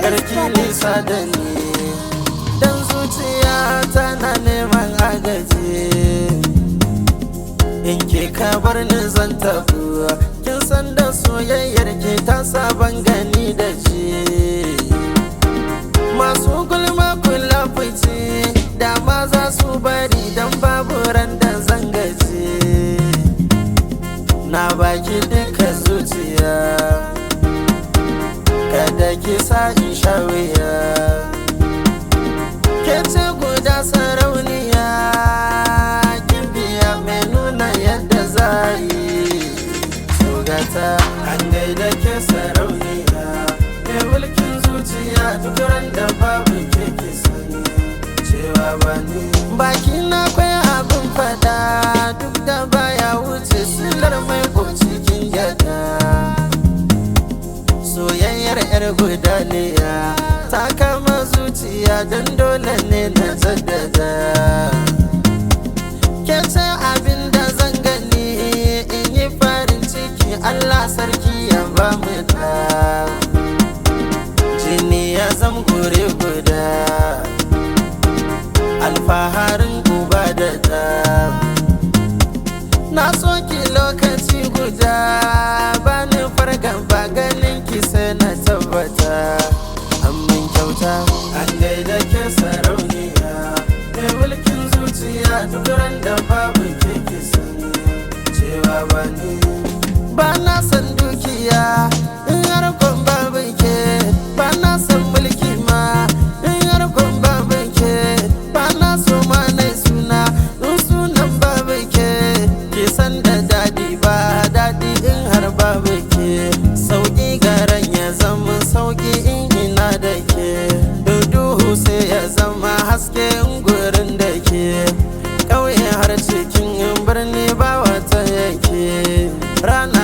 karki nisa da ni dan zuciya na neman agaji in ke ka bar ni zan tafi kin san da soyayyar ke ta saban gani da ji masu gulma kula fice da ma za su bari dan babu randa da zan gaji na baki duka zuciya da ke sa in ke ce guda sarauniya kin biya mai nuna yadda za a yi sugata an gaida ke sarauniya mai mulkin zuciya duk ran da babu ke ke sani cewa ba ni baki na kwaya abin fada duk da ba yar gudaniya ta kama zuciya don dole ne na jaddada kece abin da zan gani in yi farin ciki allah sarki ya ba mu da jini ya zam gure guda alfaharin guba da da na so ki lokaci guda ba ni ba ganin ki. kyauta an ke sarauniya mai mulkin zuciya duk ran da babu keke sani cewa ba ni ba na san dukiya in harkon ba na san mulki ma in harkon babu ke ba na so ma haske gurin da ke ƙauye har cikin birni ba wata yake rana